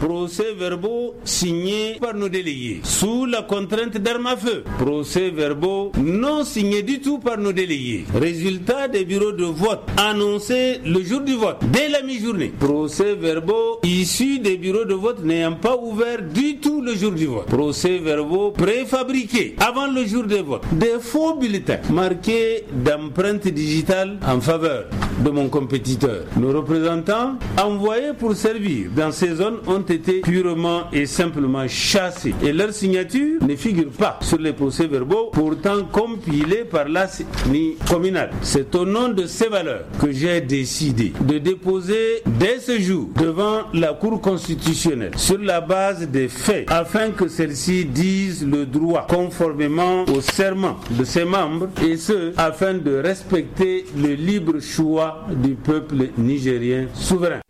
procès-verbaux signés par nos délégués sous la contrainte d'armes à feu. Procès-verbaux non signés du tout par nos délégués. Résultat des bureaux de vote annoncés le jour du vote, dès la mi-journée. Procès-verbaux issus des bureaux de vote n'ayant pas ouvert du tout le jour du vote. Procès-verbaux préfabriqués avant le jour du vote. Des faux bulletins marqués d'empreintes digitales en faveur de mon compétiteur. Nos représentants envoyés pour servir dans ces zones ont été purement et simplement chassés et leur signature ne figure pas sur les procès-verbaux pourtant compilés par la communale. C'est au nom de ces valeurs que j'ai décidé de déposer dès ce jour devant la Cour constitutionnelle sur la base des faits afin que celle-ci dise le droit conformément au serment de ses membres et ce afin de respecter le libre choix du peuple nigérien souverain.